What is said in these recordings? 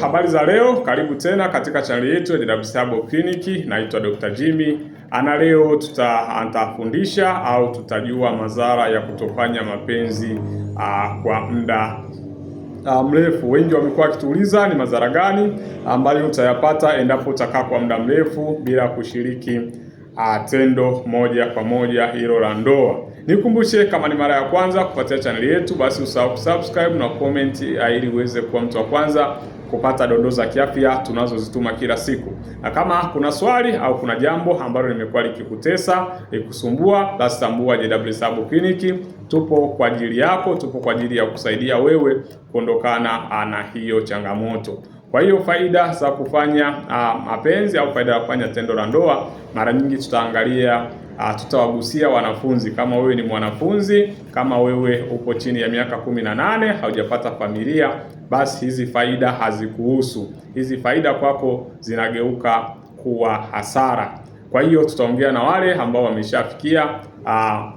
Habari za leo, karibu tena katika chaneli yetu ya JW Clinic. Naitwa Dr. Jimmy ana, leo tutafundisha au tutajua madhara ya kutofanya mapenzi uh, kwa muda uh, mrefu. Wengi wamekuwa wakituuliza ni madhara gani ambayo utayapata endapo utakaa kwa muda mrefu bila kushiriki uh, tendo moja kwa moja hilo la ndoa. Nikumbushe, kama ni mara ya kwanza kupatia chaneli yetu, basi usahau kusubscribe na comment ah, ili uweze kuwa mtu wa kwanza kupata dondoo za kiafya tunazozituma kila siku. Na kama kuna swali au kuna jambo ambalo limekuwa likikutesa likusumbua, basi tambua JW Sabo Clinic tupo kwa ajili yako, tupo kwa ajili ya kusaidia wewe kuondokana ah, na hiyo changamoto. Kwa hiyo faida za kufanya ah, mapenzi au faida ya kufanya tendo la ndoa, mara nyingi tutaangalia Ah, tutawagusia wanafunzi. Kama wewe ni mwanafunzi, kama wewe upo chini ya miaka kumi na nane, haujapata familia, basi hizi faida hazikuhusu. Hizi faida kwako zinageuka kuwa hasara. Kwa hiyo tutaongea na wale ambao wameshafikia ah,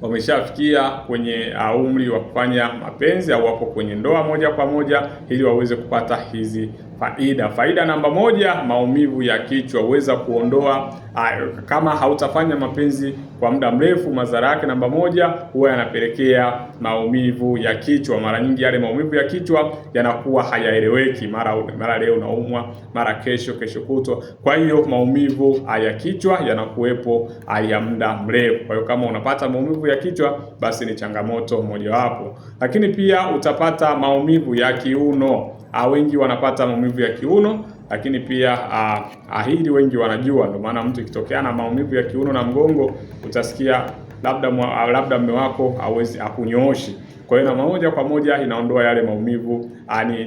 wameshafikia kwenye ah, umri wa kufanya mapenzi au wapo kwenye ndoa moja kwa moja, ili waweze kupata hizi faida. Faida namba moja, maumivu ya kichwa huweza kuondoa ayo. Kama hautafanya mapenzi kwa muda mrefu, madhara yake namba moja huwa yanapelekea maumivu ya kichwa. Mara nyingi yale maumivu ya kichwa yanakuwa hayaeleweki, mara mara leo unaumwa, mara kesho, kesho kutwa. Kwa hiyo maumivu ya kichwa yanakuwepo ya muda mrefu. Kwa hiyo kama unapata maumivu ya kichwa, basi ni changamoto mojawapo, lakini pia utapata maumivu ya kiuno uh, wengi wanapata maumivu ya kiuno, lakini pia uh, ah, hili wengi wanajua. Ndio maana mtu ikitokea na maumivu ya kiuno na mgongo utasikia labda mwa, ah, labda mme wako hawezi akunyooshi. Kwa hiyo na moja kwa moja inaondoa yale maumivu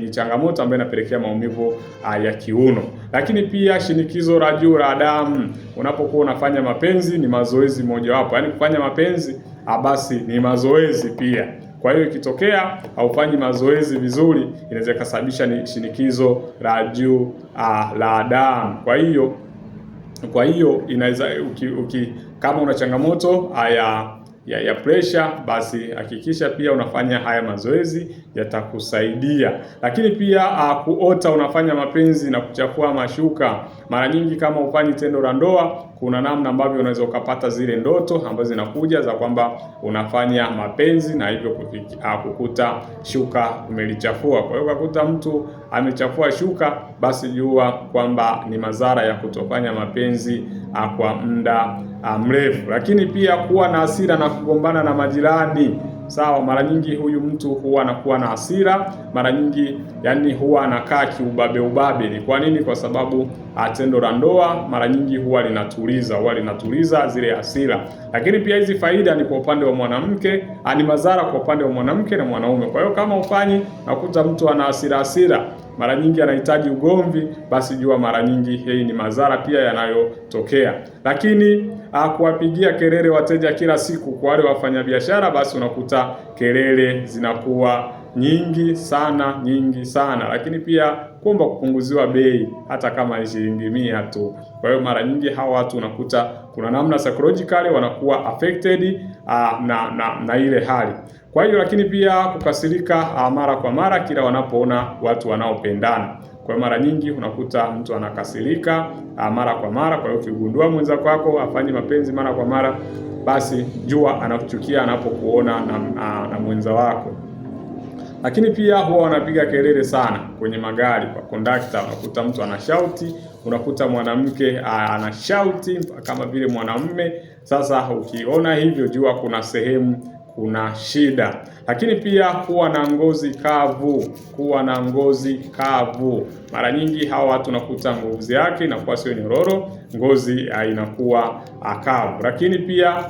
ni changamoto ambayo inapelekea maumivu a, ya kiuno. Lakini pia shinikizo la juu la damu, unapokuwa unafanya mapenzi ni mazoezi mojawapo, yaani kufanya mapenzi basi ni mazoezi pia. Kwa hiyo ikitokea haufanyi mazoezi vizuri, inaweza ikasababisha ni shinikizo la juu la damu. Kwa hiyo kwa hiyo inaweza uki, uki, kama una changamoto haya ya, ya pressure, basi hakikisha pia unafanya haya mazoezi, yatakusaidia. Lakini pia uh, kuota unafanya mapenzi na kuchafua mashuka, mara nyingi kama ufanyi tendo la ndoa, kuna namna ambavyo unaweza ukapata zile ndoto ambazo zinakuja za kwamba unafanya mapenzi na hivyo ah, kukuta shuka umelichafua. Kwa hiyo ukakuta mtu amechafua shuka, basi jua kwamba ni madhara ya kutofanya mapenzi Ah, kwa muda ah, mrefu. Lakini pia kuwa na hasira na kugombana na majirani Sawa, mara nyingi huyu mtu huwa anakuwa na hasira, mara nyingi yani huwa anakaa kiubabe ubabe. Ni kwa nini? Kwa sababu ah, tendo la ndoa mara nyingi huwa linatuliza, huwa linatuliza zile hasira. Lakini pia hizi faida ni kwa upande wa mwanamke, ni madhara kwa upande wa mwanamke na mwanaume. Kwa hiyo kama ufanyi, nakuta mtu ana hasira hasira mara nyingi anahitaji ugomvi, basi jua mara nyingi hii ni madhara pia yanayotokea. Lakini ah, kuwapigia kelele wateja kila siku, kwa wale wafanyabiashara, basi unakuta kelele zinakuwa nyingi sana nyingi sana, lakini pia kuomba kupunguziwa bei hata kama shilingi mia tu. Kwa hiyo mara nyingi hawa watu unakuta kuna namna psychologically wanakuwa affected ah, na, na, na ile hali kwa hiyo lakini pia kukasirika ah, mara kwa mara kila wanapoona watu wanaopendana. Kwa mara nyingi unakuta mtu anakasirika ah, mara kwa mara. Kwa hiyo ukigundua mwenza kwako afanye mapenzi mara kwa mara, basi jua anakuchukia anapokuona na, na, ah, na mwenza wako. Lakini pia huwa wanapiga kelele sana kwenye magari. Kwa kondakta unakuta mtu anashauti, unakuta mwanamke anashauti kama vile mwanamume. Sasa ukiona hivyo, jua kuna sehemu kuna shida. Lakini pia kuwa na ngozi kavu, kuwa na ngozi kavu. Mara nyingi hawa watu nakuta ngozi yake inakuwa sio nyororo, ngozi ah, inakuwa ah, kavu. Lakini pia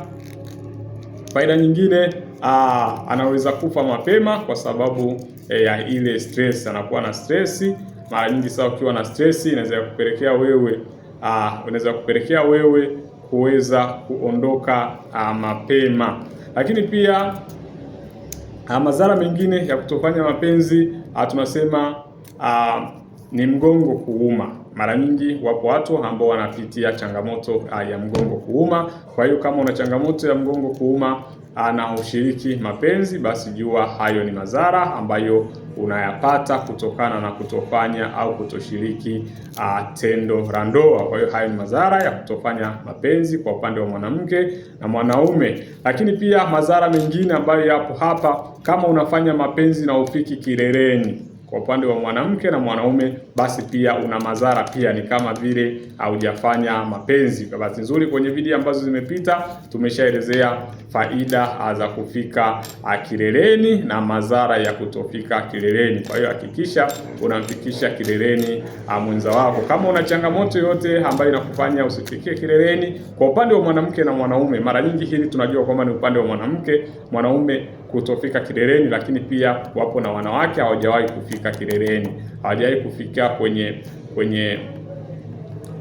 faida nyingine Aa, ah, anaweza kufa mapema kwa sababu e, ya ile stress. Anakuwa na stress mara nyingi. Sasa ukiwa na stress inaweza kupelekea wewe inaweza kupelekea wewe kuweza kuondoka aa, mapema. Lakini pia ah, madhara mengine ya kutofanya mapenzi ah, tunasema ah, ni mgongo kuuma mara nyingi wapo watu ambao wanapitia changamoto ah, ya mgongo kuuma. Kwa hiyo kama una changamoto ya mgongo kuuma ah, na ushiriki mapenzi, basi jua hayo ni madhara ambayo unayapata kutokana na kutofanya au kutoshiriki uh, tendo la ndoa. Kwa hiyo hayo ni madhara ya kutofanya mapenzi kwa upande wa mwanamke na mwanaume. Lakini pia madhara mengine ambayo yapo hapa, kama unafanya mapenzi na ufiki kileleni kwa upande wa mwanamke na mwanaume, basi pia una madhara pia, ni kama vile haujafanya mapenzi. Kwa bahati nzuri, kwenye video ambazo zimepita tumeshaelezea faida za kufika kileleni na madhara ya kutofika kileleni. Kwa hiyo hakikisha unamfikisha kileleni ah, mwenza wako. Kama una changamoto yoyote ambayo inakufanya usifikie kileleni, kwa upande wa mwanamke na mwanaume, mara nyingi hili tunajua kwamba ni upande wa mwanamke, mwanaume kutofika kileleni, lakini pia wapo na wanawake hawajawahi kufika kileleni, hawajawahi kufika kwenye kwenye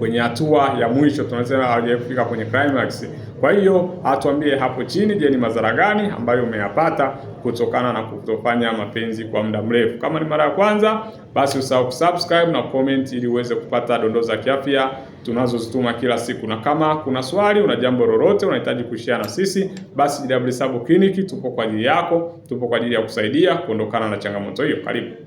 kwenye hatua ya mwisho, tunasema hawajafika kwenye climax. Kwa hiyo atuambie hapo chini, je, ni madhara gani ambayo umeyapata kutokana na kutofanya mapenzi kwa muda mrefu? Kama ni mara ya kwanza, basi usahau kusubscribe na comment ili uweze kupata dondoo za kiafya tunazozituma kila siku, na kama kuna swali, una jambo lolote unahitaji kushare na sisi, basi JW Sabo Clinic tupo kwa ajili yako, tupo kwa ajili ya kusaidia kuondokana na changamoto hiyo. Karibu.